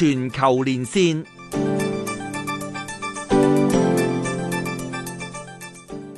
全球連線。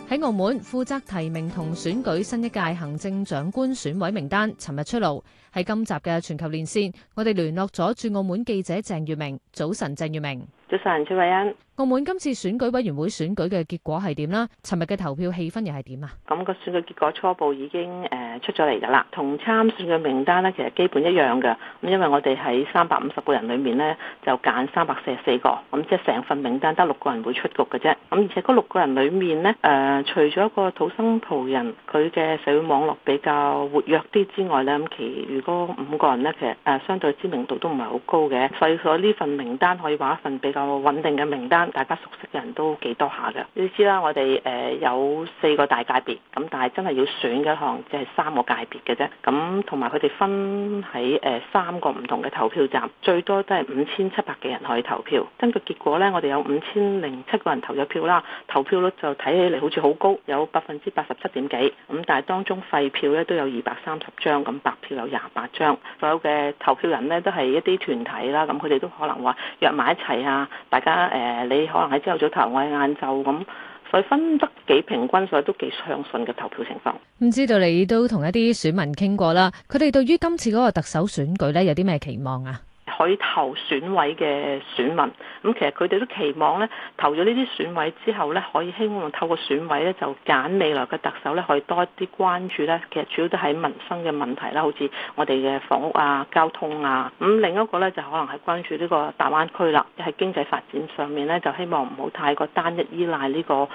喺澳門負責提名同選舉新一屆行政長官選委名單，尋日出爐。喺今集嘅全球連線，我哋聯絡咗駐澳門記者鄭月明。早晨，鄭月明。早晨，崔蔚恩。澳門今次選舉委員會選舉嘅結果係點啦？尋日嘅投票氣氛又係點啊？咁個選舉結果初步已經誒出咗嚟噶啦，同參選嘅名單咧其實基本一樣嘅。咁因為我哋喺三百五十個人裏面咧，就揀三百四十四個，咁即係成份名單得六個人會出局嘅啫。咁而且嗰六個人裏面咧誒、呃，除咗一個土生葡人，佢嘅社會網絡比較活躍啲之外咧，咁其餘嗰五個人咧，其實誒相對知名度都唔係好高嘅，所以所呢份名單可以話一份比較。穩定嘅名單，大家熟悉嘅人都幾多下㗎。你知啦，我哋誒、呃、有四個大界別，咁但係真係要選嘅可能只係三個界別嘅啫。咁同埋佢哋分喺誒、呃、三個唔同嘅投票站，最多都係五千七百幾人可以投票。根據結果呢，我哋有五千零七個人投咗票啦，投票率就睇起嚟好似好高，有百分之八十七點幾。咁但係當中廢票呢都有二百三十張，咁白票有廿八張。所有嘅投票人呢，都係一啲團體啦，咁佢哋都可能話約埋一齊啊。大家誒、呃，你可能喺朝頭早投，我喺晏晝咁，所以分得幾平均，所以都幾相信嘅投票情況。唔知道你都同一啲選民傾過啦，佢哋對於今次嗰個特首選舉咧有啲咩期望啊？可以投選委嘅選民，咁其實佢哋都期望呢，投咗呢啲選委之後呢可以希望透過選委呢，就揀未來嘅特首呢，可以多啲關注呢。其實主要都係民生嘅問題啦，好似我哋嘅房屋啊、交通啊，咁另一個呢，就可能係關注呢個大灣區啦，喺經濟發展上面呢，就希望唔好太過單一依賴呢個誒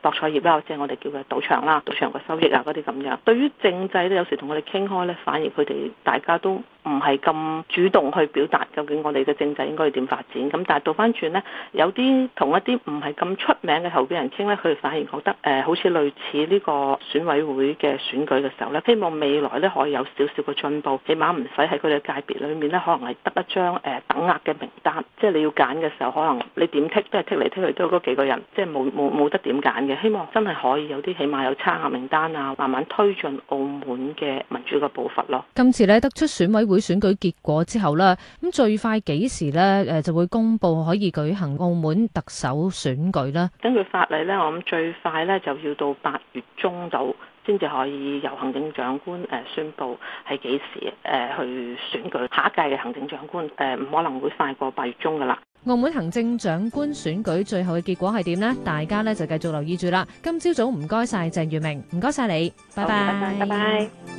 博彩業啦，即係我哋叫佢賭場啦，賭場嘅收益啊嗰啲咁樣。對於政制呢，有時同佢哋傾開呢，反而佢哋大家都唔係咁主動去表達究竟我哋嘅政制應該要點發展咁，但係倒翻轉呢，有啲同一啲唔係咁出名嘅候選人傾呢，佢反而覺得誒、呃、好似類似呢個選委會嘅選舉嘅時候呢，希望未來呢可以有少少嘅進步，起碼唔使喺佢哋嘅界別裡面呢可能係得一張誒、呃、等額嘅名單，即係你要揀嘅時候，可能你點剔都係剔嚟剔去都嗰幾個人，即係冇冇冇得點揀嘅。希望真係可以有啲起碼有差額名單啊，慢慢推進澳門嘅民主嘅步伐咯。今次呢，得出選委會。選舉結果之後呢，咁最快幾時呢，誒，就會公布可以舉行澳門特首選舉啦。根據法例呢，我諗最快呢就要到八月中就先至可以由行政長官誒宣布係幾時誒去選舉下一屆嘅行政長官誒，唔可能會快過八月中噶啦。澳門行政長官選舉最後嘅結果係點呢？大家呢就繼續留意住啦。今朝早唔該晒鄭月明，唔該晒你，拜拜，拜拜。Bye bye, bye bye